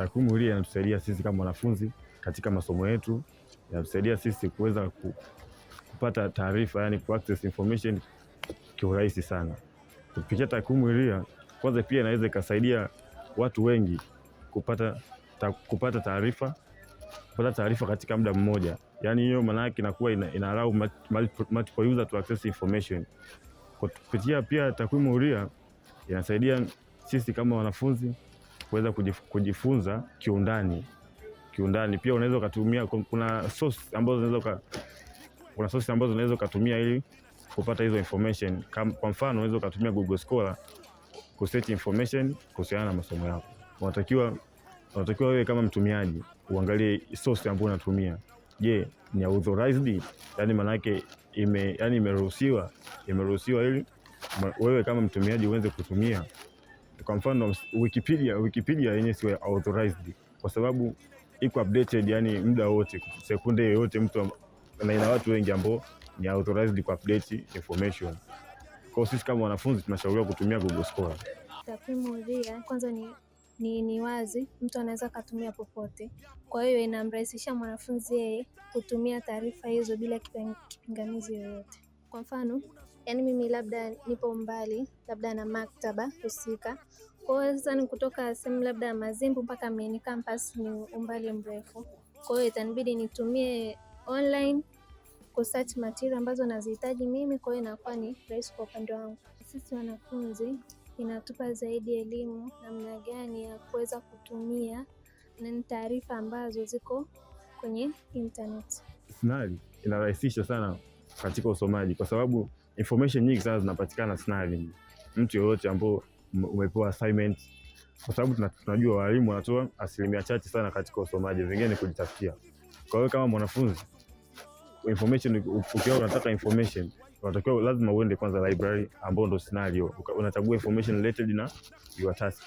Takwimu hili inatusaidia sisi kama wanafunzi katika masomo yetu, inatusaidia sisi kuweza kupata taarifa, yani ku access information kiurahisi sana kupitia takwimu hilia. Kwanza pia inaweza ikasaidia watu wengi kupata ta, kupata taarifa kupata taarifa katika muda mmoja, yani hiyo maana yake inakuwa ina, ina allow multiple user to access information. Kupitia pia takwimu huria inasaidia sisi kama wanafunzi kuweza kujifunza kiundani kiundani. Pia unaweza ukatumia, kuna source ambazo unaweza kuna source ambazo unaweza ukatumia ili kupata hizo information. Kwa mfano unaweza ukatumia Google Scholar ku search information kuhusiana na masomo yako. Unatakiwa unatakiwa wewe kama mtumiaji uangalie source ambayo unatumia. Je, ni authorized? Yani maana yake ime yani imeruhusiwa imeruhusiwa ili wewe kama mtumiaji uweze kutumia kwa mfano Wikipedia, Wikipedia yenyewe si authorized kwa sababu iko updated, yani muda wote, sekunde yoyote mtu, na ina watu wengi ambao ni authorized kwa update information. Kwa sisi kama wanafunzi tunashauriwa kutumia Google Scholar. Takwimu RIA eh, kwanza ni, ni, ni wazi mtu anaweza akatumia popote, kwa hiyo inamrahisisha mwanafunzi yeye kutumia taarifa hizo bila kipingamizi yoyote. Kwa mfano, yani mimi labda nipo mbali labda na maktaba husika, kwa hiyo sasa ni kutoka sehemu labda ya Mazimbu mpaka main campus ni umbali mrefu, kwa hiyo itanibidi nitumie online kusearch material ambazo nazihitaji mimi, kwa hiyo inakuwa ni rahisi kwa upande wangu. Sisi wanafunzi inatupa zaidi elimu namna gani ya kuweza kutumia na taarifa ambazo ziko kwenye internet. Nali inarahisisha sana katika usomaji, kwa sababu information nyingi sana zinapatikana snaring. Mtu yoyote ambao umepewa assignment, kwa sababu tunajua walimu wanatoa asilimia chache sana katika usomaji, vingine ni kujitafutia. Kwa hiyo kama mwanafunzi information, ukiwa unataka information unatakiwa lazima uende kwanza library, ambao ndo scenario unachagua information related na your task.